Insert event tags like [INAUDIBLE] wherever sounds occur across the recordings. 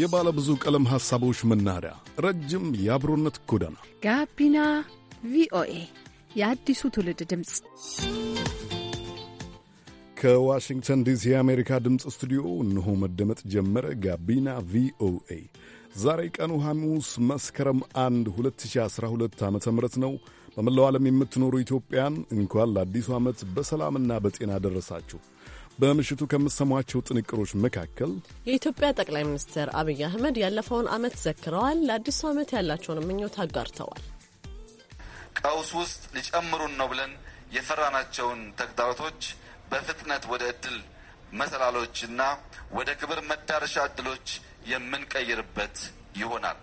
የባለ ብዙ ቀለም ሐሳቦች መናኸሪያ፣ ረጅም የአብሮነት ጎዳና ጋቢና ቪኦኤ የአዲሱ ትውልድ ድምፅ ከዋሽንግተን ዲሲ የአሜሪካ ድምፅ ስቱዲዮ እነሆ መደመጥ ጀመረ። ጋቢና ቪኦኤ ዛሬ ቀኑ ሐሙስ መስከረም 1 2012 ዓ ም ነው። በመላው ዓለም የምትኖሩ ኢትዮጵያን እንኳን ለአዲሱ ዓመት በሰላምና በጤና ደረሳችሁ። በምሽቱ ከምትሰሟቸው ጥንቅሮች መካከል የኢትዮጵያ ጠቅላይ ሚኒስትር አብይ አህመድ ያለፈውን ዓመት ዘክረዋል። ለአዲሱ ዓመት ያላቸውን ምኞት አጋርተዋል። ቀውስ ውስጥ ሊጨምሩን ነው ብለን የፈራናቸውን ተግዳሮቶች በፍጥነት ወደ እድል መሰላሎችና ወደ ክብር መዳረሻ እድሎች የምንቀይርበት ይሆናል።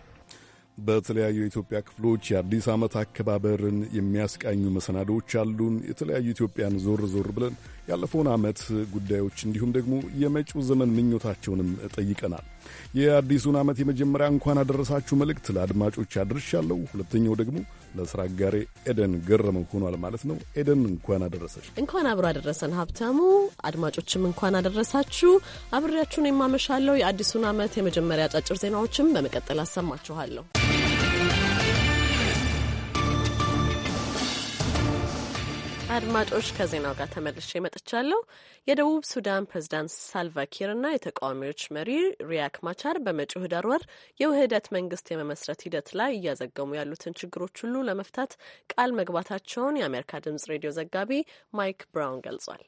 በተለያዩ የኢትዮጵያ ክፍሎች የአዲስ ዓመት አከባበርን የሚያስቃኙ መሰናዶዎች አሉን። የተለያዩ ኢትዮጵያን ዞር ዞር ብለን ያለፈውን ዓመት ጉዳዮች እንዲሁም ደግሞ የመጪው ዘመን ምኞታቸውንም ጠይቀናል። የአዲሱን ዓመት የመጀመሪያ እንኳን አደረሳችሁ መልእክት ለአድማጮች አድርሻለሁ። ሁለተኛው ደግሞ ለስራ አጋሪ ኤደን ገረመ ሆኗል ማለት ነው። ኤደን እንኳን አደረሰች። እንኳን አብሮ አደረሰን ሀብታሙ። አድማጮችም እንኳን አደረሳችሁ። አብሬያችሁን የማመሻለው የአዲሱን ዓመት የመጀመሪያ አጫጭር ዜናዎችም በመቀጠል አሰማችኋለሁ። አድማጮች ከዜናው ጋር ተመልሼ መጥቻለሁ። የደቡብ ሱዳን ፕሬዝዳንት ሳልቫኪር እና የተቃዋሚዎች መሪ ሪያክ ማቻር በመጪው ህዳር ወር የውህደት መንግስት የመመስረት ሂደት ላይ እያዘገሙ ያሉትን ችግሮች ሁሉ ለመፍታት ቃል መግባታቸውን የአሜሪካ ድምጽ ሬዲዮ ዘጋቢ ማይክ ብራውን ገልጿል።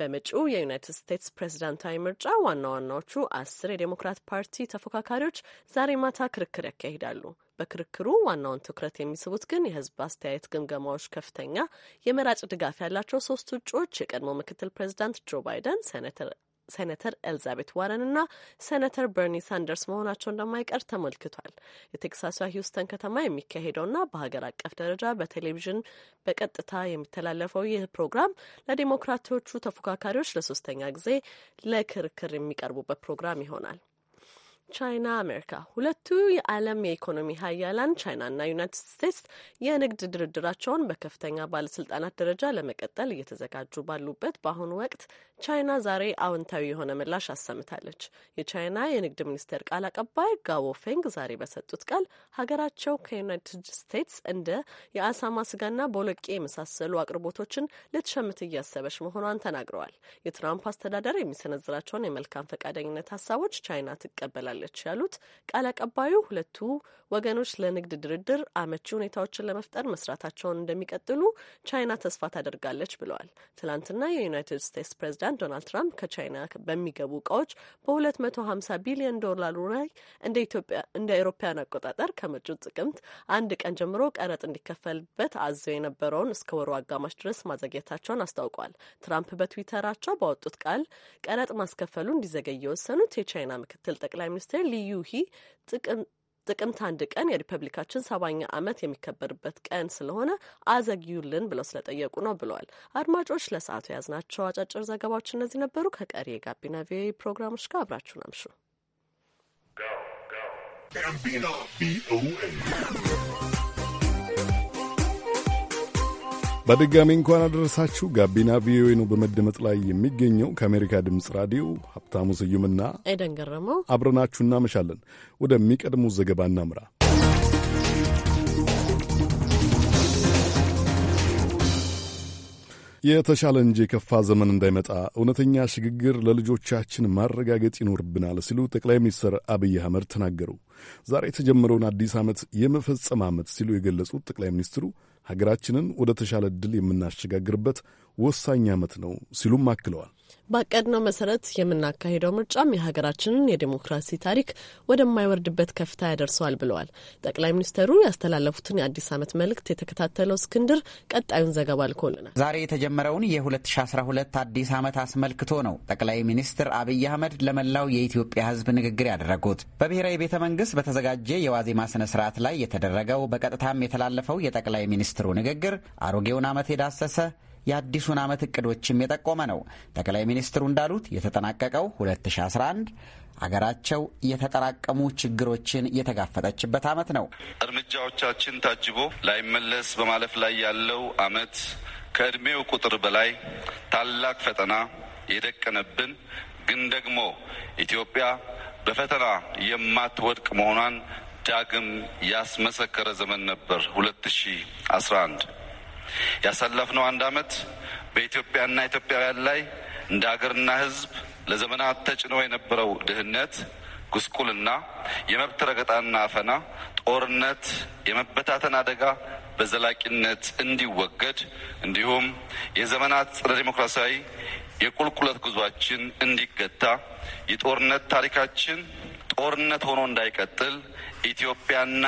በመጪው የዩናይትድ ስቴትስ ፕሬዝዳንታዊ ምርጫ ዋና ዋናዎቹ አስር የዴሞክራት ፓርቲ ተፎካካሪዎች ዛሬ ማታ ክርክር ያካሂዳሉ። በክርክሩ ዋናውን ትኩረት የሚስቡት ግን የህዝብ አስተያየት ግምገማዎች ከፍተኛ የመራጭ ድጋፍ ያላቸው ሶስት እጩዎች የቀድሞ ምክትል ፕሬዚዳንት ጆ ባይደን፣ ሴኔተር ሴኔተር ኤልዛቤት ዋረን እና ሴኔተር በርኒ ሳንደርስ መሆናቸው እንደማይቀር ተመልክቷል። የቴክሳሷ ሂውስተን ከተማ የሚካሄደውና በሀገር አቀፍ ደረጃ በቴሌቪዥን በቀጥታ የሚተላለፈው ይህ ፕሮግራም ለዲሞክራቲዎቹ ተፎካካሪዎች ለሶስተኛ ጊዜ ለክርክር የሚቀርቡበት ፕሮግራም ይሆናል። ቻይና አሜሪካ ሁለቱ የዓለም የኢኮኖሚ ሀያላን ቻይናና ዩናይትድ ስቴትስ የንግድ ድርድራቸውን በከፍተኛ ባለስልጣናት ደረጃ ለመቀጠል እየተዘጋጁ ባሉበት በአሁኑ ወቅት ቻይና ዛሬ አዎንታዊ የሆነ ምላሽ አሰምታለች። የቻይና የንግድ ሚኒስቴር ቃል አቀባይ ጋቦ ፌንግ ዛሬ በሰጡት ቃል ሀገራቸው ከዩናይትድ ስቴትስ እንደ የአሳማ ስጋና ቦሎቄ የመሳሰሉ አቅርቦቶችን ልትሸምት እያሰበች መሆኗን ተናግረዋል። የትራምፕ አስተዳደር የሚሰነዝራቸውን የመልካም ፈቃደኝነት ሀሳቦች ቻይና ትቀበላል። ትችላለች ያሉት ቃል አቀባዩ ሁለቱ ወገኖች ለንግድ ድርድር አመቺ ሁኔታዎችን ለመፍጠር መስራታቸውን እንደሚቀጥሉ ቻይና ተስፋ ታደርጋለች ብለዋል። ትናንትና የዩናይትድ ስቴትስ ፕሬዚዳንት ዶናልድ ትራምፕ ከቻይና በሚገቡ እቃዎች በ250 ቢሊዮን ዶላሩ ላይ እንደ አውሮፓውያን አቆጣጠር ከመጪው ጥቅምት አንድ ቀን ጀምሮ ቀረጥ እንዲከፈልበት አዘው የነበረውን እስከ ወሩ አጋማሽ ድረስ ማዘግየታቸውን አስታውቋል። ትራምፕ በትዊተራቸው ባወጡት ቃል ቀረጥ ማስከፈሉ እንዲዘገይ የወሰኑት የቻይና ምክትል ጠቅላይ ሚኒስትር ሚኒስትር ሊዩሂ ጥቅምት አንድ ቀን የሪፐብሊካችን ሰባኛ ዓመት የሚከበርበት ቀን ስለሆነ አዘግዩልን ብለው ስለጠየቁ ነው ብለዋል። አድማጮች ለሰዓቱ የያዝናቸው አጫጭር ዘገባዎች እነዚህ ነበሩ። ከቀሪ የጋቢና ቪኦኤ ፕሮግራሞች ጋር አብራችሁን አምሹ። በድጋሚ እንኳን አደረሳችሁ። ጋቢና ቪኦኤ ነው በመደመጥ ላይ የሚገኘው። ከአሜሪካ ድምፅ ራዲዮ ሀብታሙ ስዩምና ኤደን ገረመው አብረናችሁ እናመሻለን። ወደሚቀድሙ ዘገባ እናምራ። የተሻለ እንጂ የከፋ ዘመን እንዳይመጣ እውነተኛ ሽግግር ለልጆቻችን ማረጋገጥ ይኖርብናል ሲሉ ጠቅላይ ሚኒስትር አብይ አህመድ ተናገሩ። ዛሬ የተጀመረውን አዲስ ዓመት የመፈጸም ዓመት ሲሉ የገለጹት ጠቅላይ ሚኒስትሩ ሀገራችንን ወደ ተሻለ ድል የምናሸጋግርበት ወሳኝ ዓመት ነው ሲሉም አክለዋል። ባቀድነው መሰረት የምናካሄደው ምርጫም የሀገራችንን የዴሞክራሲ ታሪክ ወደማይወርድበት ከፍታ ያደርሰዋል ብለዋል። ጠቅላይ ሚኒስትሩ ያስተላለፉትን የአዲስ ዓመት መልእክት የተከታተለው እስክንድር ቀጣዩን ዘገባ ልኮልናል። ዛሬ የተጀመረውን የ2012 አዲስ ዓመት አስመልክቶ ነው ጠቅላይ ሚኒስትር አብይ አህመድ ለመላው የኢትዮጵያ ሕዝብ ንግግር ያደረጉት። በብሔራዊ ቤተ መንግስት በተዘጋጀ የዋዜማ ስነ ስርዓት ላይ የተደረገው በቀጥታም የተላለፈው የጠቅላይ ሚኒስትሩ ንግግር አሮጌውን ዓመት የዳሰሰ የአዲሱን ዓመት እቅዶችም የጠቆመ ነው። ጠቅላይ ሚኒስትሩ እንዳሉት የተጠናቀቀው 2011 አገራቸው የተጠራቀሙ ችግሮችን የተጋፈጠችበት ዓመት ነው። እርምጃዎቻችን ታጅቦ ላይመለስ በማለፍ ላይ ያለው ዓመት ከእድሜው ቁጥር በላይ ታላቅ ፈተና የደቀነብን ግን ደግሞ ኢትዮጵያ በፈተና የማትወድቅ መሆኗን ዳግም ያስመሰከረ ዘመን ነበር 2011 ያሳለፍነው አንድ ዓመት በኢትዮጵያና ኢትዮጵያውያን ላይ እንደ አገርና ሕዝብ ለዘመናት ተጭኖ የነበረው ድህነት፣ ጉስቁልና፣ የመብት ረገጣና አፈና፣ ጦርነት፣ የመበታተን አደጋ በዘላቂነት እንዲወገድ እንዲሁም የዘመናት ጸረ ዴሞክራሲያዊ የቁልቁለት ጉዟችን እንዲገታ የጦርነት ታሪካችን ጦርነት ሆኖ እንዳይቀጥል ኢትዮጵያና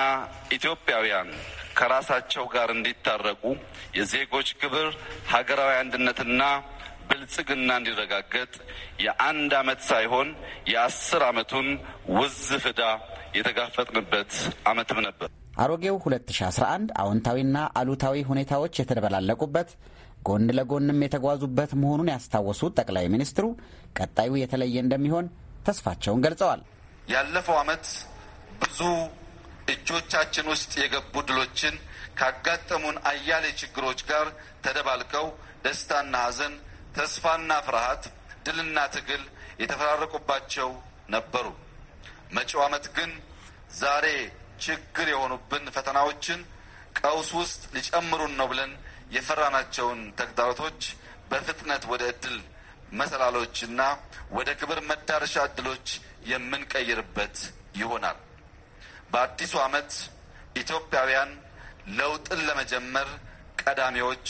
ኢትዮጵያውያን ከራሳቸው ጋር እንዲታረቁ የዜጎች ክብር፣ ሀገራዊ አንድነትና ብልጽግና እንዲረጋገጥ የአንድ ዓመት ሳይሆን የአስር ዓመቱን ውዝ ፍዳ የተጋፈጥንበት ዓመትም ነበር። አሮጌው 2011 አዎንታዊና አሉታዊ ሁኔታዎች የተደበላለቁበት ጎን ለጎንም የተጓዙበት መሆኑን ያስታወሱት ጠቅላይ ሚኒስትሩ ቀጣዩ የተለየ እንደሚሆን ተስፋቸውን ገልጸዋል። ያለፈው ዓመት ብዙ እጆቻችን ውስጥ የገቡ ድሎችን ካጋጠሙን አያሌ ችግሮች ጋር ተደባልቀው ደስታና ሐዘን፣ ተስፋና ፍርሃት፣ ድልና ትግል የተፈራረቁባቸው ነበሩ። መጪው ዓመት ግን ዛሬ ችግር የሆኑብን ፈተናዎችን ቀውስ ውስጥ ሊጨምሩን ነው ብለን የፈራናቸውን ተግዳሮቶች በፍጥነት ወደ እድል መሰላሎችና ወደ ክብር መዳረሻ እድሎች የምንቀይርበት ይሆናል። በአዲሱ ዓመት ኢትዮጵያውያን ለውጥን ለመጀመር ቀዳሚዎች፣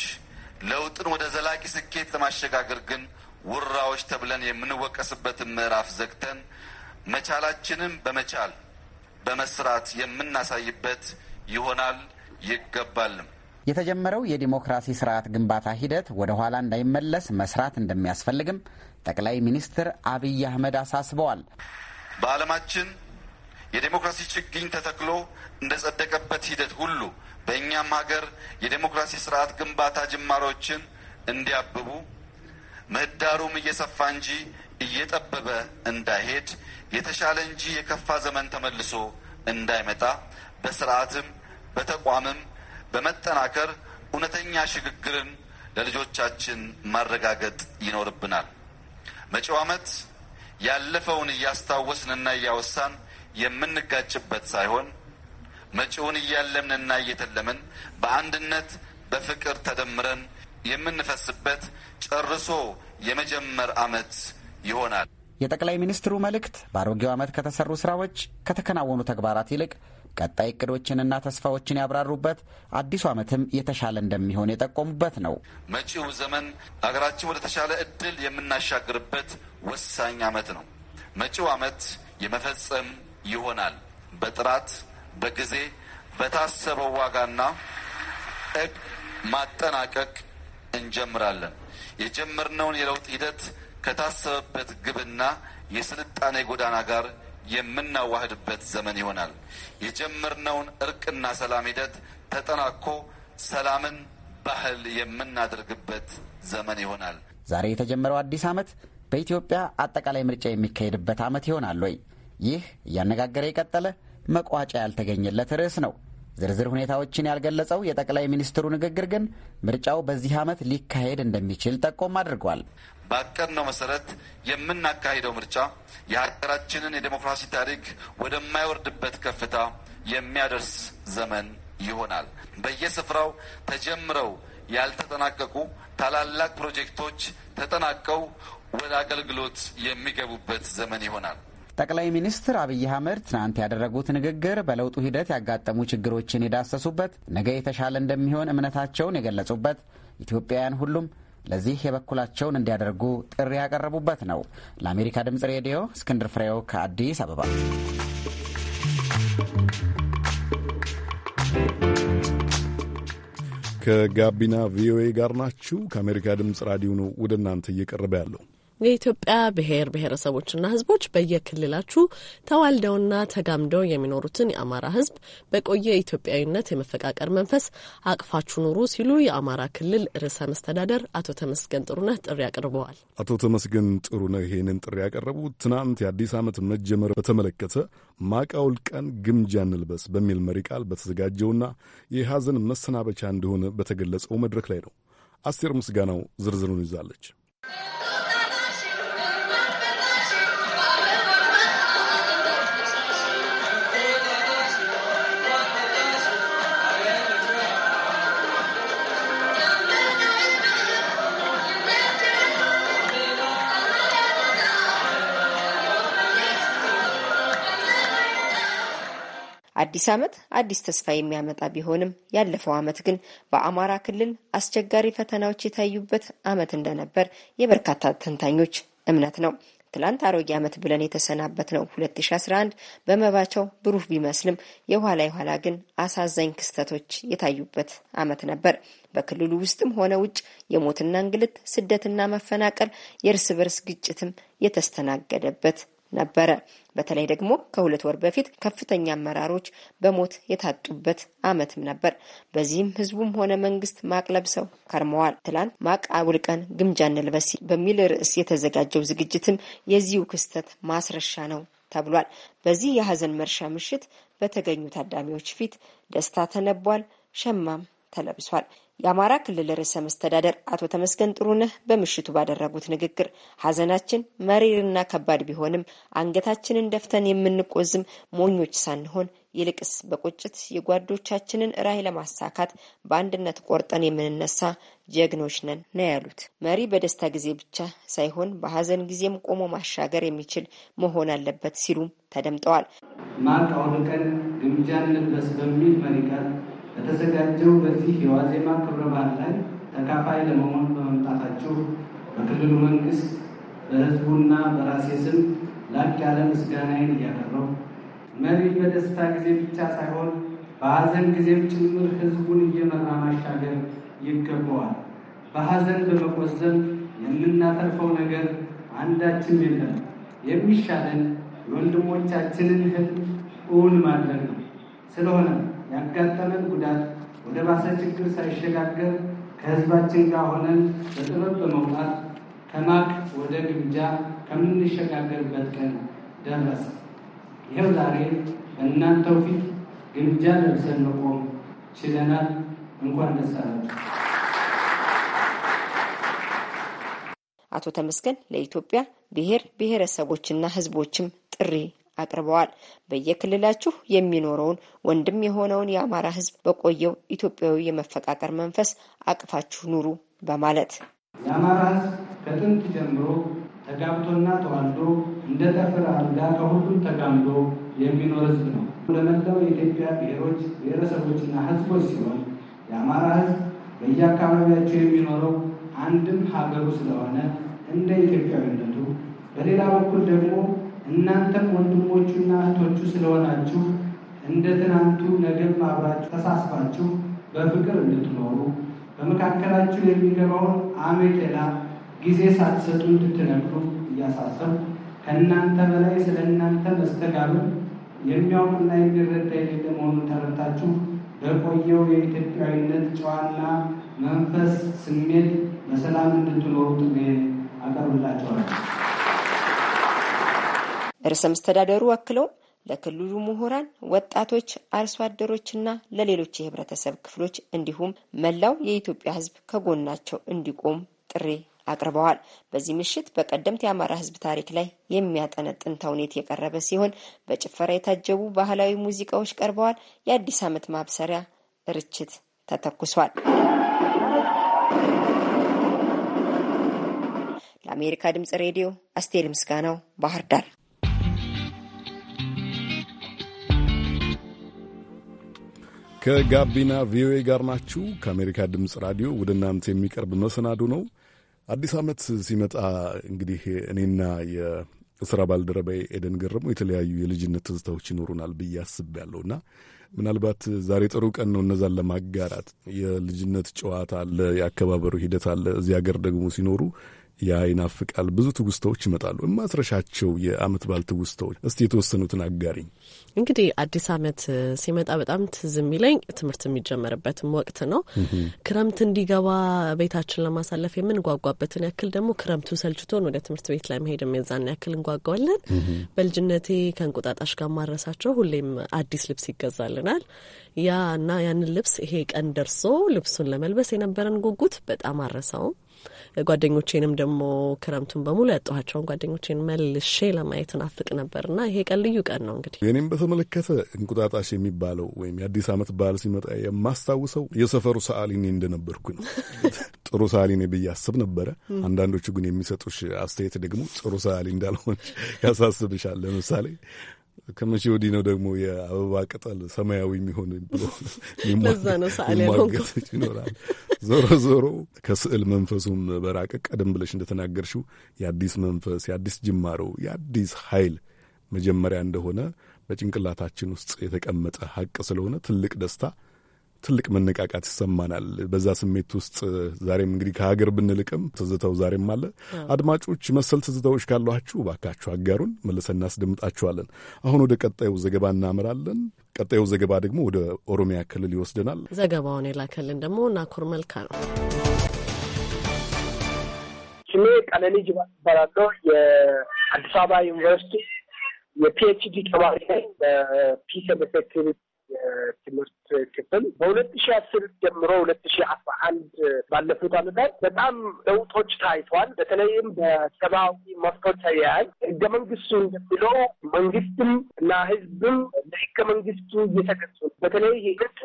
ለውጥን ወደ ዘላቂ ስኬት ለማሸጋገር ግን ውራዎች ተብለን የምንወቀስበትን ምዕራፍ ዘግተን መቻላችንን በመቻል በመስራት የምናሳይበት ይሆናል ይገባልም። የተጀመረው የዲሞክራሲ ስርዓት ግንባታ ሂደት ወደ ኋላ እንዳይመለስ መስራት እንደሚያስፈልግም ጠቅላይ ሚኒስትር አብይ አህመድ አሳስበዋል። በዓለማችን የዴሞክራሲ ችግኝ ተተክሎ እንደጸደቀበት ሂደት ሁሉ በእኛም ሀገር የዴሞክራሲ ስርዓት ግንባታ ጅማሮችን እንዲያብቡ ምህዳሩም እየሰፋ እንጂ እየጠበበ እንዳይሄድ የተሻለ እንጂ የከፋ ዘመን ተመልሶ እንዳይመጣ በስርዓትም በተቋምም በመጠናከር እውነተኛ ሽግግርን ለልጆቻችን ማረጋገጥ ይኖርብናል። መጪው ዓመት ያለፈውን እያስታወስንና እያወሳን የምንጋጭበት ሳይሆን መጪውን እያለምንና እየተለምን በአንድነት በፍቅር ተደምረን የምንፈስበት ጨርሶ የመጀመር ዓመት ይሆናል። የጠቅላይ ሚኒስትሩ መልእክት በአሮጌው ዓመት ከተሰሩ ስራዎች፣ ከተከናወኑ ተግባራት ይልቅ ቀጣይ እቅዶችንና ተስፋዎችን ያብራሩበት፣ አዲሱ ዓመትም የተሻለ እንደሚሆን የጠቆሙበት ነው። መጪው ዘመን አገራችን ወደ ተሻለ እድል የምናሻግርበት ወሳኝ ዓመት ነው። መጪው ዓመት የመፈጸም ይሆናል። በጥራት በጊዜ በታሰበው ዋጋና እግ ማጠናቀቅ እንጀምራለን። የጀመርነውን የለውጥ ሂደት ከታሰበበት ግብና የስልጣኔ ጎዳና ጋር የምናዋህድበት ዘመን ይሆናል። የጀመርነውን እርቅና ሰላም ሂደት ተጠናኮ ሰላምን ባህል የምናደርግበት ዘመን ይሆናል። ዛሬ የተጀመረው አዲስ ዓመት በኢትዮጵያ አጠቃላይ ምርጫ የሚካሄድበት ዓመት ይሆናል ወይ? ይህ እያነጋገረ የቀጠለ መቋጫ ያልተገኘለት ርዕስ ነው። ዝርዝር ሁኔታዎችን ያልገለጸው የጠቅላይ ሚኒስትሩ ንግግር ግን ምርጫው በዚህ ዓመት ሊካሄድ እንደሚችል ጠቆም አድርጓል። ባቀድነው መሰረት የምናካሄደው ምርጫ የሀገራችንን የዴሞክራሲ ታሪክ ወደማይወርድበት ከፍታ የሚያደርስ ዘመን ይሆናል። በየስፍራው ተጀምረው ያልተጠናቀቁ ታላላቅ ፕሮጀክቶች ተጠናቀው ወደ አገልግሎት የሚገቡበት ዘመን ይሆናል። ጠቅላይ ሚኒስትር አብይ አህመድ ትናንት ያደረጉት ንግግር በለውጡ ሂደት ያጋጠሙ ችግሮችን የዳሰሱበት፣ ነገ የተሻለ እንደሚሆን እምነታቸውን የገለጹበት፣ ኢትዮጵያውያን ሁሉም ለዚህ የበኩላቸውን እንዲያደርጉ ጥሪ ያቀረቡበት ነው። ለአሜሪካ ድምፅ ሬዲዮ እስክንድር ፍሬው ከአዲስ አበባ። ከጋቢና ቪኦኤ ጋር ናችሁ። ከአሜሪካ ድምፅ ራዲዮ ነው ወደ እናንተ እየቀረበ ያለው የኢትዮጵያ ብሔር ብሔረሰቦችና ህዝቦች በየክልላችሁ ተዋልደውና ተጋምደው የሚኖሩትን የአማራ ህዝብ በቆየ ኢትዮጵያዊነት የመፈቃቀር መንፈስ አቅፋችሁ ኑሩ ሲሉ የአማራ ክልል ርዕሰ መስተዳደር አቶ ተመስገን ጥሩነህ ጥሪ አቅርበዋል። አቶ ተመስገን ጥሩነህ ይህንን ጥሪ ያቀረቡት ትናንት የአዲስ ዓመት መጀመር በተመለከተ ማቃውል ቀን ግምጃ እንልበስ በሚል መሪ ቃል በተዘጋጀውና የሐዘን መሰናበቻ እንደሆነ በተገለጸው መድረክ ላይ ነው። አስቴር ምስጋናው ዝርዝሩን ይዛለች። አዲስ ዓመት አዲስ ተስፋ የሚያመጣ ቢሆንም ያለፈው ዓመት ግን በአማራ ክልል አስቸጋሪ ፈተናዎች የታዩበት ዓመት እንደነበር የበርካታ ተንታኞች እምነት ነው። ትላንት አሮጌ ዓመት ብለን የተሰናበት ነው 2011 በመባቻው ብሩህ ቢመስልም የኋላ የኋላ ግን አሳዛኝ ክስተቶች የታዩበት ዓመት ነበር። በክልሉ ውስጥም ሆነ ውጭ የሞትና እንግልት፣ ስደትና መፈናቀል፣ የእርስ በርስ ግጭትም የተስተናገደበት ነበረ። በተለይ ደግሞ ከሁለት ወር በፊት ከፍተኛ አመራሮች በሞት የታጡበት አመትም ነበር። በዚህም ህዝቡም ሆነ መንግስት ማቅ ለብሰው ከርመዋል። ትላንት ማቅ አውልቀን ግምጃ እንልበስ በሚል ርዕስ የተዘጋጀው ዝግጅትም የዚሁ ክስተት ማስረሻ ነው ተብሏል። በዚህ የሀዘን መርሻ ምሽት በተገኙ ታዳሚዎች ፊት ደስታ ተነቧል፣ ሸማም ተለብሷል። የአማራ ክልል ርዕሰ መስተዳደር አቶ ተመስገን ጥሩነህ በምሽቱ ባደረጉት ንግግር ሐዘናችን መሪርና ከባድ ቢሆንም አንገታችንን ደፍተን የምንቆዝም ሞኞች ሳንሆን ይልቅስ በቁጭት የጓዶቻችንን ራዕይ ለማሳካት በአንድነት ቆርጠን የምንነሳ ጀግኖች ነን ነው ያሉት። መሪ በደስታ ጊዜ ብቻ ሳይሆን በሀዘን ጊዜም ቆሞ ማሻገር የሚችል መሆን አለበት ሲሉም ተደምጠዋል። ማቅ አውልቀን ግምጃ እንልበስ በሚል መሪ ቃል በተዘጋጀው በዚህ የዋዜማ ክብረ በዓል ላይ ተካፋይ ለመሆን በመምጣታችሁ በክልሉ መንግስት በህዝቡና በራሴ ስም ላቅ ያለ ምስጋናዬን እያቀረው መሪ በደስታ ጊዜ ብቻ ሳይሆን በሀዘን ጊዜም ጭምር ህዝቡን እየመራ ማሻገር ይገባዋል። በሀዘን በመቆዘም የምናተርፈው ነገር አንዳችም የለም። የሚሻለን የወንድሞቻችንን ህልም እውን ማድረግ ነው። ስለሆነ ያጋጠመን ጉዳት ወደ ባሰ ችግር ሳይሸጋገር ከህዝባችን ጋር ሆነን በጥበብ በመውጣት ከማቅ ወደ ግምጃ ከምንሸጋገርበት ቀን ደረሰ። ይኸው ዛሬ በእናንተው ፊት ግምጃ ለብሰን መቆም ችለናል። እንኳን ደስ አላችሁ። አቶ ተመስገን ለኢትዮጵያ ብሔር ብሔረሰቦችና ህዝቦችም ጥሪ አቅርበዋል። በየክልላችሁ የሚኖረውን ወንድም የሆነውን የአማራ ህዝብ በቆየው ኢትዮጵያዊ የመፈቃቀር መንፈስ አቅፋችሁ ኑሩ በማለት የአማራ ህዝብ ከጥንት ጀምሮ ተጋብቶና ተዋልዶ እንደ ጠፍር አልጋ ከሁሉም ተጋምዶ የሚኖር ህዝብ ነው። ለመላው የኢትዮጵያ ብሔሮች፣ ብሔረሰቦችና ህዝቦች ሲሆን የአማራ ህዝብ በየአካባቢያቸው የሚኖረው አንድም ሀገሩ ስለሆነ እንደ ኢትዮጵያዊነቱ በሌላ በኩል ደግሞ እናንተም ወንድሞቹና እህቶቹ ስለሆናችሁ እንደ ትናንቱ ነገም አብራችሁ ተሳስባችሁ በፍቅር እንድትኖሩ በመካከላችሁ የሚገባውን አሜቴላ ጊዜ ሳትሰጡ እንድትነግሩ እያሳሰብ ከእናንተ በላይ ስለ እናንተ መስተጋብር የሚያውቅና የሚረዳ የሌለ መሆኑን ተረድታችሁ በቆየው የኢትዮጵያዊነት ጨዋና መንፈስ ስሜት በሰላም እንድትኖሩ ጥሜ አቀርብላቸዋለሁ። ርዕሰ መስተዳደሩ አክለውም ለክልሉ ምሁራን፣ ወጣቶች፣ አርሶ አደሮችና ለሌሎች የህብረተሰብ ክፍሎች እንዲሁም መላው የኢትዮጵያ ህዝብ ከጎናቸው እንዲቆም ጥሪ አቅርበዋል። በዚህ ምሽት በቀደምት የአማራ ህዝብ ታሪክ ላይ የሚያጠነጥን ተውኔት የቀረበ ሲሆን በጭፈራ የታጀቡ ባህላዊ ሙዚቃዎች ቀርበዋል። የአዲስ ዓመት ማብሰሪያ ርችት ተተኩሷል። ለአሜሪካ ድምጽ ሬዲዮ አስቴር ምስጋናው ባህር ዳር ከጋቢና ቪኦኤ ጋር ናችሁ። ከአሜሪካ ድምፅ ራዲዮ ወደ እናንተ የሚቀርብ መሰናዱ ነው። አዲስ ዓመት ሲመጣ እንግዲህ እኔና የስራ ባልደረባዬ ኤደን ገረሙ የተለያዩ የልጅነት ትዝታዎች ይኖሩናል ብዬ አስቤያለሁ እና ምናልባት ዛሬ ጥሩ ቀን ነው እነዛን ለማጋራት። የልጅነት ጨዋታ አለ፣ የአከባበሩ ሂደት አለ። እዚህ ሀገር ደግሞ ሲኖሩ ያ ይናፍቃል። ብዙ ትውስታዎች ይመጣሉ። የማትረሻቸው የአመት በዓል ትውስታዎች እስቲ የተወሰኑትን አጋሪኝ። እንግዲህ አዲስ አመት ሲመጣ በጣም ትዝ የሚለኝ ትምህርት የሚጀመርበትም ወቅት ነው። ክረምት እንዲገባ ቤታችን ለማሳለፍ የምንጓጓበትን ያክል ደግሞ ክረምቱ ሰልችቶን ወደ ትምህርት ቤት ላይ መሄድ የዛን ያክል እንጓጓለን። በልጅነቴ ከእንቁጣጣሽ ጋር ማረሳቸው ሁሌም አዲስ ልብስ ይገዛልናል። ያ እና ያንን ልብስ ይሄ ቀን ደርሶ ልብሱን ለመልበስ የነበረን ጉጉት በጣም አረሰውም። ጓደኞቼንም ደግሞ ክረምቱን በሙሉ ያጠኋቸውን ጓደኞቼን መልሼ ለማየት ናፍቅ ነበርና ይሄ ቀን ልዩ ቀን ነው። እንግዲህ እኔም በተመለከተ እንቁጣጣሽ የሚባለው ወይም የአዲስ አመት በዓል ሲመጣ የማስታውሰው የሰፈሩ ሰዓሊ እኔ እንደነበርኩኝ [LAUGHS] ጥሩ ሰዓሊ እኔ ብዬ አስብ ነበረ። አንዳንዶቹ ግን የሚሰጡሽ አስተያየት ደግሞ ጥሩ ሰዓሊ እንዳልሆን ያሳስብሻል። ለምሳሌ ከመቼ ወዲህ ነው ደግሞ የአበባ ቅጠል ሰማያዊ የሚሆን ብሎ ይኖራል። ዞሮ ዞሮ ከስዕል መንፈሱም በራቀ ቀደም ብለሽ እንደተናገርሽው የአዲስ መንፈስ የአዲስ ጅማሮ የአዲስ ኃይል መጀመሪያ እንደሆነ በጭንቅላታችን ውስጥ የተቀመጠ ሀቅ ስለሆነ ትልቅ ደስታ ትልቅ መነቃቃት ይሰማናል። በዛ ስሜት ውስጥ ዛሬም እንግዲህ ከሀገር ብንልቅም ትዝተው ዛሬም አለ። አድማጮች መሰል ትዝታዎች ካሏችሁ ባካችሁ አጋሩን፣ መልሰን እናስደምጣችኋለን። አሁን ወደ ቀጣዩ ዘገባ እናመራለን። ቀጣዩ ዘገባ ደግሞ ወደ ኦሮሚያ ክልል ይወስደናል። ዘገባውን የላከልን ደግሞ ናኩር መልካ ነው። ስሜ ቀለሊ ጅባ የአዲስ አበባ ዩኒቨርሲቲ የፒኤችዲ ተማሪ ነኝ። በፒስ ሴኪሪቲ የትምህርት ክፍል በሁለት ሺ አስር ጀምሮ ሁለት ሺ አስራ አንድ ባለፉት አመታት በጣም ለውጦች ታይቷል። በተለይም በሰብአዊ መብቶች አያያዝ ህገ መንግስቱ እንደሚለው መንግስትም እና ህዝብም ለህገ መንግስቱ እየተገዙ በተለይ ህገቱ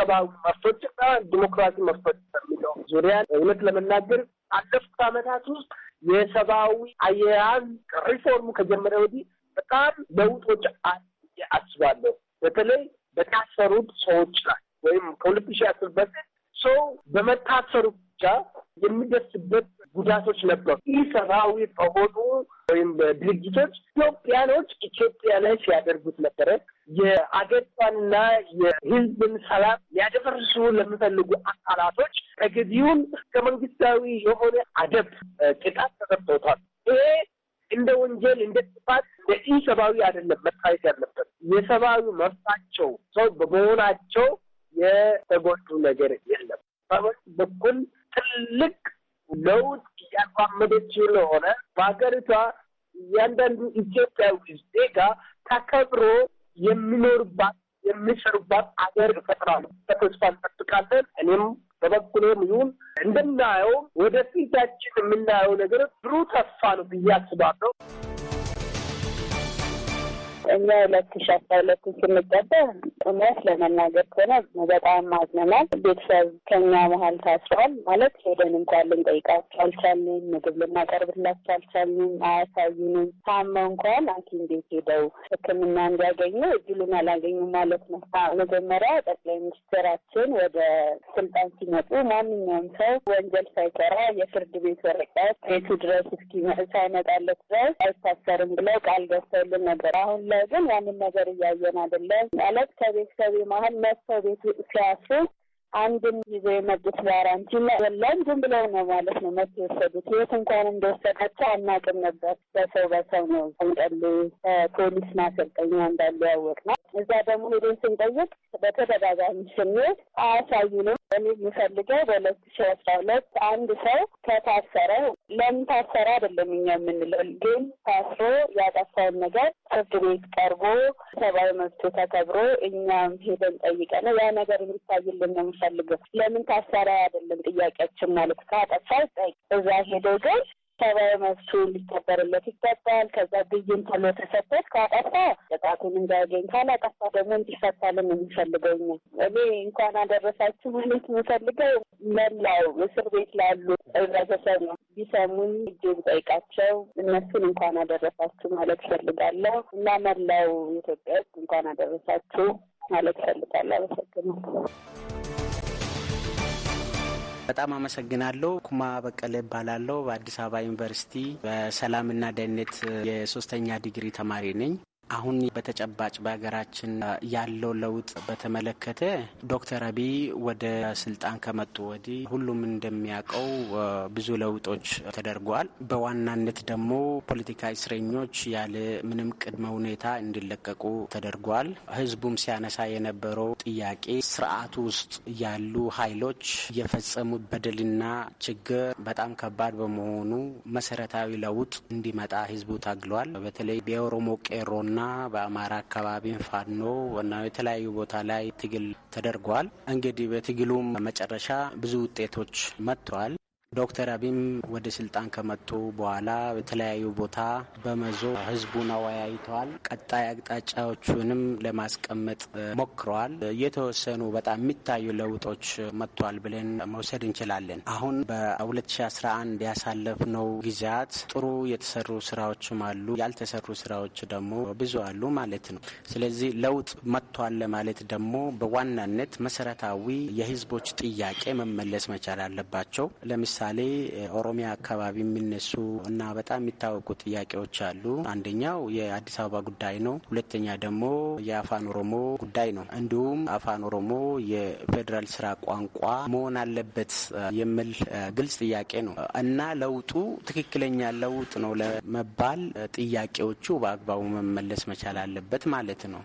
ሰብአዊ መብቶችና ዲሞክራሲ መብቶች በሚለው ዙሪያ እውነት ለመናገር አለፉት አመታት ውስጥ የሰብአዊ አያያዝ ሪፎርሙ ከጀመረ ወዲህ በጣም ለውጦች አስባለሁ። በተለይ በታሰሩት ሰዎች ላይ ወይም ከሁለት ሺ አስር በፊት ሰው በመታሰሩ ብቻ የሚደርስበት ጉዳቶች ነበሩ። ይህ ሰብአዊ ከሆኑ ወይም ድርጅቶች ኢትዮጵያኖች ኢትዮጵያ ላይ ሲያደርጉት ነበረ። የአገሯንና የሕዝብን ሰላም ሊያደፈርሱ ለሚፈልጉ አካላቶች ተገቢውን ከመንግስታዊ የሆነ አደብ ቅጣት ተሰጥቶታል። ይሄ እንደ ወንጀል እንደ ጥፋት በኢሰብአዊ አይደለም መታየት ያለበት የሰብአዊ መብታቸው ሰው በመሆናቸው የተጎዱ ነገር የለም። በመንግስት በኩል ትልቅ ለውጥ እያራመደች ለሆነ በሀገሪቷ እያንዳንዱ ኢትዮጵያዊ ዜጋ ተከብሮ የሚኖርባት የሚሰሩባት አገር ፈጥራ ነው። በተስፋ እንጠብቃለን። እኔም በበኩሌም ይሁን እንደምናየውም ወደፊታችን የምናየው ነገር ብሩህ ተስፋ ነው ብዬ አስባለሁ። እኛ ሁለት ሺ አስራ ሁለት ስንገባ እውነት ለመናገር ከሆነ በጣም ማዝነናል። ቤተሰብ ከኛ መሀል ታስረዋል። ማለት ሄደን እንኳን ልንጠይቃቸው አልቻልንም። ምግብ ልናቀርብላቸው አልቻልንም። አያሳዩንም። ታመው እንኳን ሐኪም ቤት ሄደው ሕክምና እንዲያገኙ እድሉን አላገኙም ማለት ነው። መጀመሪያ ጠቅላይ ሚኒስትራችን ወደ ስልጣን ሲመጡ ማንኛውም ሰው ወንጀል ሳይሰራ የፍርድ ቤት ወረቀት ቤቱ ድረስ እስኪ ሳይመጣለት ድረስ አይታሰርም ብለው ቃል ገብተውልን ነበር። አሁን ግን ያንን ነገር እያየን አይደለም። ማለት ከቤተሰብ መሀል መጥተው ቤት ሲያሱ አንድም ይዞ የመጡት ዋራንቲ የለም። ዝም ብለው ነው ማለት ነው መጥ የወሰዱት። የት እንኳን እንደወሰዳቸው አናውቅም ነበር። በሰው በሰው ነው ንጠል ፖሊስ ማሰልጠኛ እንዳለ ያወቅ ነው። እዛ ደግሞ ሄደን ስንጠይቅ በተደጋጋሚ ስሜት አያሳዩንም። እኔ የምፈልገው በሁለት ሺ አስራ ሁለት አንድ ሰው ከታሰረ ለምን ታሰረ አይደለም እኛ የምንለው፣ ግን ታስሮ ያጠፋውን ነገር ፍርድ ቤት ቀርቦ ሰብአዊ መብቱ ተከብሮ እኛም ሄደን ጠይቀ ነው ያ ነገር የሚታይልን ነው የምፈልገው። ለምን ታሰረ አይደለም ጥያቄያችን ማለት ካጠፋ ጠይቅ። እዛ ሄደው ግን ሰብአዊ መብቱ እንዲከበርለት ይገባል። ከዛ ብይን ተሎ ተሰጠት ካጠፋ ጥቃቱን እንዳያገኝ ካላጠፋ ደግሞ እንዲፈታልን የሚፈልገው እኛ እኔ እንኳን አደረሳችሁ ማለት የምፈልገው መላው እስር ቤት ላሉ ህብረተሰብ ነው። ቢሰሙን እጅ ጠይቃቸው እነሱን እንኳን አደረሳችሁ ማለት እፈልጋለሁ እና መላው ኢትዮጵያ ውስጥ እንኳን አደረሳችሁ ማለት እፈልጋለሁ። አመሰግናለሁ። በጣም አመሰግናለሁ። ኩማ በቀለ ይባላለሁ። በአዲስ አበባ ዩኒቨርሲቲ በሰላምና ደህንነት የሶስተኛ ዲግሪ ተማሪ ነኝ። አሁን በተጨባጭ በሀገራችን ያለው ለውጥ በተመለከተ ዶክተር አብይ ወደ ስልጣን ከመጡ ወዲህ ሁሉም እንደሚያውቀው ብዙ ለውጦች ተደርጓል። በዋናነት ደግሞ ፖለቲካ እስረኞች ያለ ምንም ቅድመ ሁኔታ እንዲለቀቁ ተደርጓል። ህዝቡም ሲያነሳ የነበረው ጥያቄ ስርዓቱ ውስጥ ያሉ ኃይሎች የፈጸሙት በደልና ችግር በጣም ከባድ በመሆኑ መሰረታዊ ለውጥ እንዲመጣ ህዝቡ ታግሏል። በተለይ የኦሮሞ ቄሮና ና በአማራ አካባቢ ፋኖ እና የተለያዩ ቦታ ላይ ትግል ተደርጓል። እንግዲህ በትግሉም መጨረሻ ብዙ ውጤቶች መጥተዋል። ዶክተር አብይም ወደ ስልጣን ከመጡ በኋላ በተለያዩ ቦታ በመዞ ህዝቡን አወያይተዋል። ቀጣይ አቅጣጫዎቹንም ለማስቀመጥ ሞክረዋል። የተወሰኑ በጣም የሚታዩ ለውጦች መጥቷል ብለን መውሰድ እንችላለን። አሁን በ2011 ያሳለፍነው ጊዜያት ጥሩ የተሰሩ ስራዎችም አሉ፣ ያልተሰሩ ስራዎች ደግሞ ብዙ አሉ ማለት ነው። ስለዚህ ለውጥ መጥቷል ለማለት ደግሞ በዋናነት መሰረታዊ የህዝቦች ጥያቄ መመለስ መቻል አለባቸው። ለምሳሌ ለምሳሌ ኦሮሚያ አካባቢ የሚነሱ እና በጣም የሚታወቁ ጥያቄዎች አሉ። አንደኛው የአዲስ አበባ ጉዳይ ነው። ሁለተኛ ደግሞ የአፋን ኦሮሞ ጉዳይ ነው። እንዲሁም አፋን ኦሮሞ የፌዴራል ስራ ቋንቋ መሆን አለበት የሚል ግልጽ ጥያቄ ነው እና ለውጡ ትክክለኛ ለውጥ ነው ለመባል ጥያቄዎቹ በአግባቡ መመለስ መቻል አለበት ማለት ነው።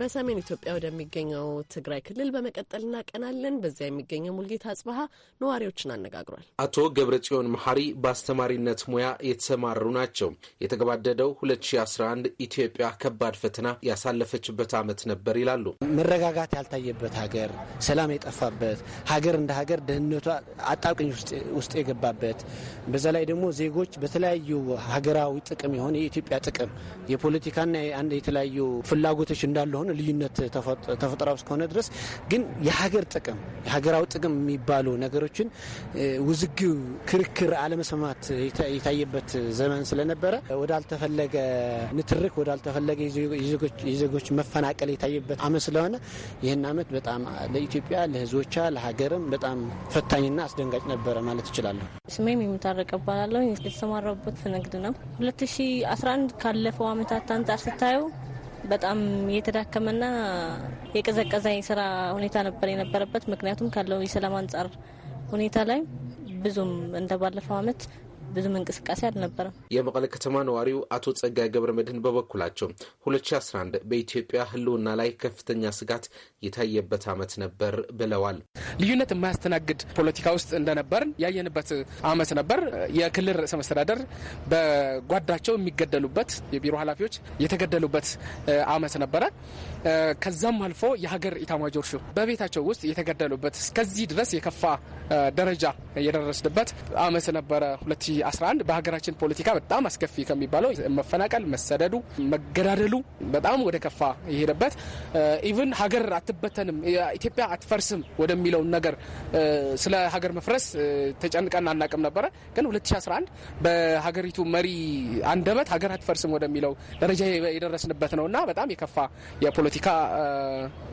በሰሜን ኢትዮጵያ ወደሚገኘው ትግራይ ክልል በመቀጠል እናቀናለን። በዚያ የሚገኘው ሙልጌታ አጽበሀ ነዋሪዎችን አነጋግሯል። አቶ ገብረ ጽዮን መሀሪ በአስተማሪነት ሙያ የተሰማሩ ናቸው። የተገባደደው 2011 ኢትዮጵያ ከባድ ፈተና ያሳለፈችበት ዓመት ነበር ይላሉ። መረጋጋት ያልታየበት ሀገር፣ ሰላም የጠፋበት ሀገር፣ እንደ ሀገር ደህንነቷ አጣቅኝ ውስጥ የገባበት በዛ ላይ ደግሞ ዜጎች በተለያዩ ሀገራዊ ጥቅም የሆነ የኢትዮጵያ ጥቅም የፖለቲካና የተለያዩ ፍላጎቶች እንዳለሆን የሆነ ልዩነት ተፈጠራ እስከሆነ ድረስ ግን የሀገር ጥቅም የሀገራዊ ጥቅም የሚባሉ ነገሮችን ውዝግብ፣ ክርክር፣ አለመስማማት የታየበት ዘመን ስለነበረ ወዳልተፈለገ ንትርክ፣ ወዳልተፈለገ የዜጎች መፈናቀል የታየበት አመት ስለሆነ ይህን አመት በጣም ለኢትዮጵያ ለሕዝቦቿ ለሀገርም በጣም ፈታኝና አስደንጋጭ ነበረ ማለት ይችላለሁ። ስሜም የምታረቀ እባላለሁ። የተሰማራበት ንግድ ነው። 2011 ካለፈው አመታት አንጻር ስታየው በጣም የተዳከመና የቀዘቀዘ ስራ ሁኔታ ነበር የነበረበት። ምክንያቱም ካለው የሰላም አንጻር ሁኔታ ላይ ብዙም እንደ ባለፈው አመት ብዙም እንቅስቃሴ አልነበረም። የመቀለ ከተማ ነዋሪው አቶ ጸጋይ ገብረ መድህን በበኩላቸው 2011 በኢትዮጵያ ሕልውና ላይ ከፍተኛ ስጋት የታየበት ዓመት ነበር ብለዋል። ልዩነት የማያስተናግድ ፖለቲካ ውስጥ እንደነበርን ያየንበት ዓመት ነበር። የክልል ርዕሰ መስተዳደር በጓዳቸው የሚገደሉበት፣ የቢሮ ኃላፊዎች የተገደሉበት ዓመት ነበረ። ከዛም አልፎ የሀገር ኢታማጆር ሹም በቤታቸው ውስጥ የተገደሉበት እስከዚህ ድረስ የከፋ ደረጃ የደረስንበት ዓመት ነበረ። 2011 በሀገራችን ፖለቲካ በጣም አስከፊ ከሚባለው መፈናቀል፣ መሰደዱ፣ መገዳደሉ በጣም ወደ ከፋ የሄደበት ኢቭን uh, ሀገር አትበተንም uh, ኢትዮጵያ አትፈርስም ወደሚለውን ነገር uh, ስለ ሀገር መፍረስ ተጨንቀን አናቅም ነበረ። ግን 2011 በሀገሪቱ መሪ አንደበት ሀገር አትፈርስም ወደሚለው ደረጃ የደረስንበት ነው እና በጣም የከፋ የፖለቲካ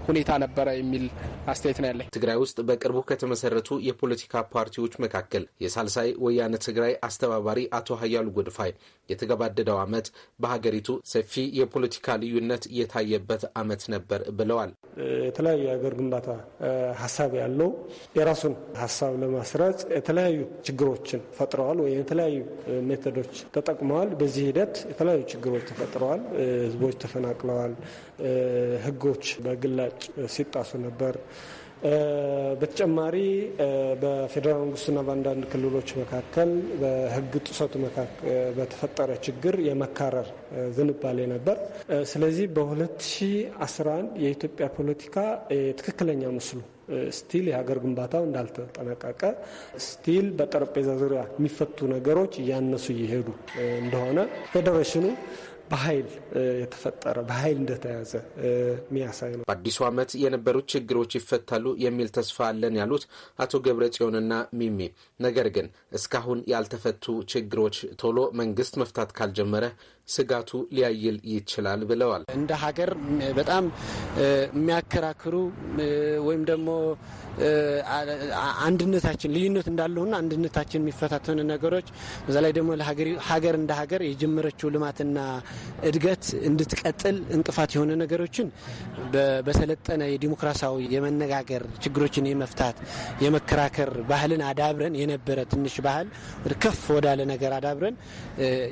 ሁኔታ ነበረ የሚል አስተያየት ነው ያለኝ። ትግራይ ውስጥ በቅርቡ ከተመሰረቱ የፖለቲካ ፓርቲዎች መካከል የሳልሳይ ወያነ ትግራይ አስተባባሪ አቶ ሀያሉ ጎድፋይ የተገባደደው ዓመት በሀገሪቱ ሰፊ የፖለቲካ ልዩነት የታየበት ዓመት ነበር ብለዋል። የተለያዩ የሀገር ግንባታ ሀሳብ ያለው የራሱን ሀሳብ ለማስረጽ የተለያዩ ችግሮችን ፈጥረዋል ወይም የተለያዩ ሜቶዶች ተጠቅመዋል። በዚህ ሂደት የተለያዩ ችግሮች ተፈጥረዋል። ህዝቦች ተፈናቅለዋል። ህጎች በግላጭ ሲጣሱ ነበር። በተጨማሪ በፌዴራል መንግስቱና በአንዳንድ ክልሎች መካከል በህግ ጥሰቱ በተፈጠረ ችግር የመካረር ዝንባሌ ነበር። ስለዚህ በ2011 የኢትዮጵያ ፖለቲካ ትክክለኛ ምስሉ ስቲል የሀገር ግንባታው እንዳልተጠናቀቀ ስቲል በጠረጴዛ ዙሪያ የሚፈቱ ነገሮች እያነሱ እየሄዱ እንደሆነ ፌዴሬሽኑ በኃይል የተፈጠረ በኃይል እንደተያዘ የሚያሳይ ነው። በአዲሱ ዓመት የነበሩት ችግሮች ይፈታሉ የሚል ተስፋ አለን ያሉት አቶ ገብረ ጽዮንና ሚሚ፣ ነገር ግን እስካሁን ያልተፈቱ ችግሮች ቶሎ መንግስት መፍታት ካልጀመረ ስጋቱ ሊያይል ይችላል ብለዋል። እንደ ሀገር በጣም የሚያከራክሩ ወይም ደግሞ አንድነታችን ልዩነት እንዳለውና አንድነታችን የሚፈታተኑ ነገሮች በዛ ላይ ደግሞ ሀገር እንደ ሀገር የጀመረችው ልማትና እድገት እንድትቀጥል እንቅፋት የሆነ ነገሮችን በሰለጠነ የዲሞክራሲያዊ የመነጋገር ችግሮችን የመፍታት የመከራከር ባህልን አዳብረን የነበረ ትንሽ ባህል ከፍ ወዳለ ነገር አዳብረን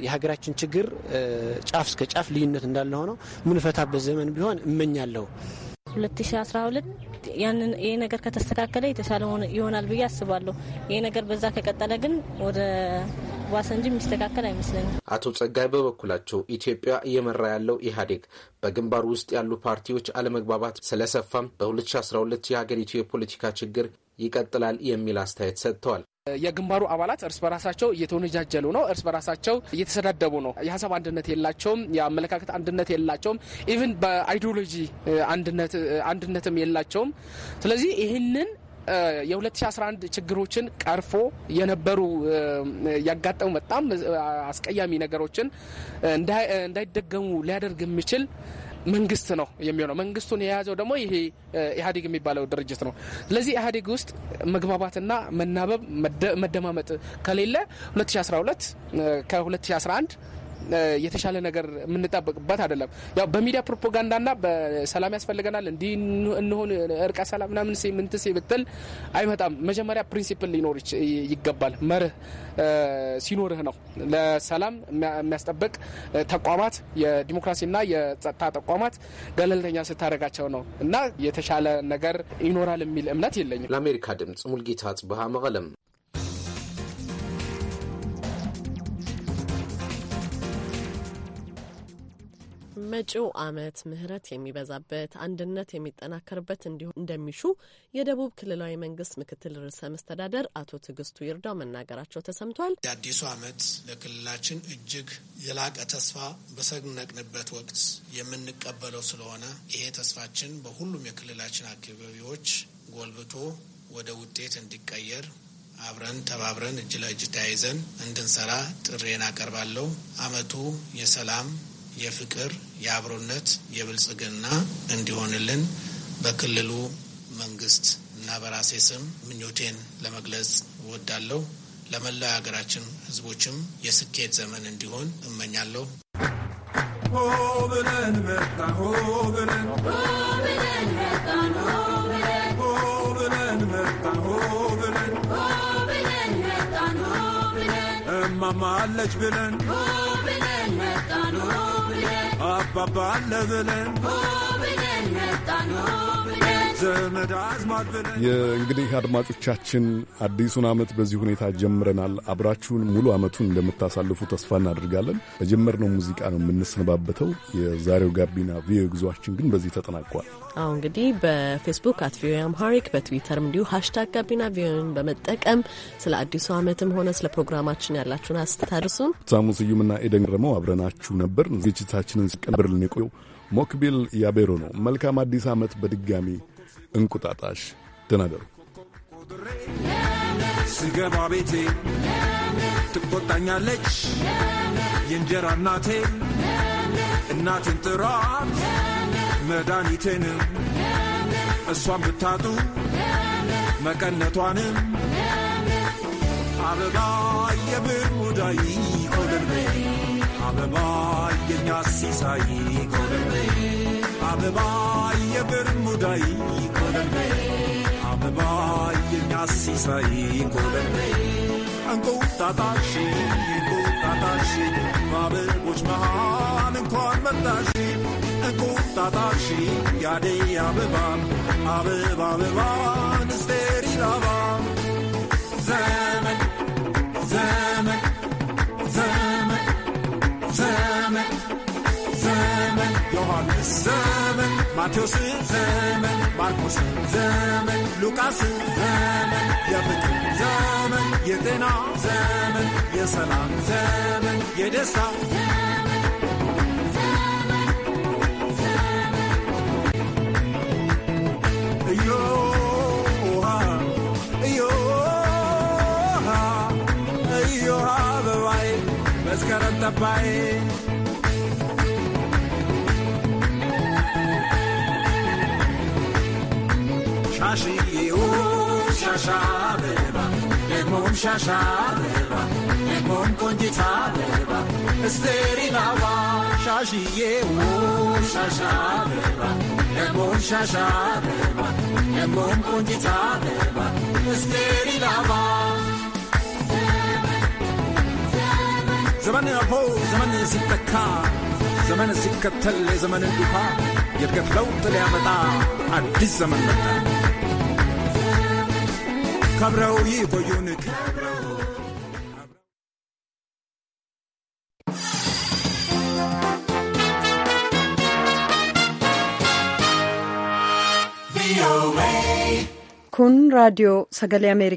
የሀገራችን ችግር ጫፍ እስከ ጫፍ ልዩነት እንዳለ ሆነው ምንፈታበት ዘመን ቢሆን እመኛለሁ። 2012 ያንን ይህ ነገር ከተስተካከለ የተሻለ ይሆናል ብዬ አስባለሁ። ይህ ነገር በዛ ከቀጠለ ግን ወደ ዋሰ እንጂ የሚስተካከል አይመስለኝም። አቶ ጸጋይ በበኩላቸው ኢትዮጵያ እየመራ ያለው ኢህአዴግ በግንባር ውስጥ ያሉ ፓርቲዎች አለመግባባት ስለሰፋም በ2012 የሀገሪቱ የፖለቲካ ችግር ይቀጥላል የሚል አስተያየት ሰጥተዋል። የግንባሩ አባላት እርስ በራሳቸው እየተወነጃጀሉ ነው። እርስ በራሳቸው እየተሰዳደቡ ነው። የሀሳብ አንድነት የላቸውም። የአመለካከት አንድነት የላቸውም። ኢቭን በአይዲዮሎጂ አንድነትም የላቸውም። ስለዚህ ይህንን የ2011 ችግሮችን ቀርፎ የነበሩ ያጋጠሙ በጣም አስቀያሚ ነገሮችን እንዳይደገሙ ሊያደርግ የሚችል መንግስት ነው የሚሆነው። መንግስቱን የያዘው ደግሞ ይሄ ኢህአዴግ የሚባለው ድርጅት ነው። ለዚህ ኢህአዴግ ውስጥ መግባባትና መናበብ፣ መደማመጥ ከሌለ 2012 ከ2011 የተሻለ ነገር የምንጠብቅበት አይደለም። ያው በሚዲያ ፕሮፓጋንዳና በሰላም ያስፈልገናል እንዲህ እንሆን እርቀ ሰላም ምናምን ምንትሴ ብትል አይመጣም። መጀመሪያ ፕሪንሲፕል ሊኖር ይገባል። መርህ ሲኖርህ ነው ለሰላም የሚያስጠብቅ ተቋማት የዲሞክራሲና የጸጥታ ተቋማት ገለልተኛ ስታደርጋቸው ነው እና የተሻለ ነገር ይኖራል የሚል እምነት የለኝም። ለአሜሪካ ድምጽ ሙልጌታ ጽብሃ መቀለም መጪው ዓመት ምህረት የሚበዛበት አንድነት የሚጠናከርበት እንዲሁም እንደሚሹ የደቡብ ክልላዊ መንግስት ምክትል ርዕሰ መስተዳደር አቶ ትዕግስቱ ይርዳው መናገራቸው ተሰምቷል። የአዲሱ ዓመት ለክልላችን እጅግ የላቀ ተስፋ በሰነቅንበት ወቅት የምንቀበለው ስለሆነ ይሄ ተስፋችን በሁሉም የክልላችን አካባቢዎች ጎልብቶ ወደ ውጤት እንዲቀየር አብረን ተባብረን እጅ ለእጅ ተያይዘን እንድንሰራ ጥሬን አቀርባለሁ። አመቱ የሰላም የፍቅር፣ የአብሮነት፣ የብልጽግና እንዲሆንልን በክልሉ መንግስት እና በራሴ ስም ምኞቴን ለመግለጽ እወዳለሁ። ለመላው የሀገራችን ህዝቦችም የስኬት ዘመን እንዲሆን እመኛለሁ። እማማ ብለን መጣኑ ብለን አባባ አለ ብለን ብለን መጣኑ ብለን የእንግዲህ አድማጮቻችን አዲሱን ዓመት በዚህ ሁኔታ ጀምረናል። አብራችሁን ሙሉ ዓመቱን እንደምታሳልፉ ተስፋ እናደርጋለን። በጀመርነው ሙዚቃ ነው የምንሰነባበተው። የዛሬው ጋቢና ቪኦኤ ጉዟችን ግን በዚህ ተጠናቋል። አሁ እንግዲህ በፌስቡክ አት ቪኦኤ አምሃሪክ በትዊተርም እንዲሁ ሀሽታግ ጋቢና ቪኦኤን በመጠቀም ስለ አዲሱ ዓመትም ሆነ ስለ ፕሮግራማችን ያላችሁን አስተታርሱን ሳሙ ስዩምና ኤደን ረመው አብረናችሁ ነበር። ዝግጅታችንን ሲቀናብርልን የቆየው ሞክቢል ያቤሮ ነው። መልካም አዲስ ዓመት በድጋሚ እንቁጣጣሽ ደናደሩ ስገባ ቤቴ ትቆጣኛለች የእንጀራ እናቴ እናቴን ጥራት መድኃኒቴንም እሷን ብታጡ መቀነቷንም አበባ የብሙዳይ ቆደርቤ አበባ የኛ ሲሳይ ቆደርቤ አበባ የብርሙዳይ ቆለሜ አበባ የሚያሲሳይ ቆለሜ እንቁጣጣሽ እንቁጣጣሽ በአበቦች መሃል እንኳን መጣሽ እንቁጣጣሽ ያደይ አበባን አበባ አበባን ስቴሪ ላባ ዘመን ዘመን ዘመን ዘመን ዘመን ዮሐንስ ማቴዎስን ዘመን፣ ማርቆስን ዘመን፣ ሉቃስን ዘመን፣ የፍቅር ዘመን፣ የጤና ዘመን፣ የሰላም ዘመን፣ የደስታ Let's get ሻሽዬ ሻሻ አበባ ደግሞም ሻሻ አበባ ደግሞም ቆንጂት አበባ እስቴሪን አበባ ሻሽዬ ሻሻ አበባ ደግሞም ሻሻ አበባ ደግሞም ቆንጂት አበባ እስቴሪን አበባ ዘመን አቦ ዘመን ሲተካ ዘመን ሲከተል የዘመንን ዱካ የእድገት ለውጥ ሊያመጣ አዲስ ዘመን መጣ። ከብረው ይቆዩን። Kun radio sagalee Ameerikaa.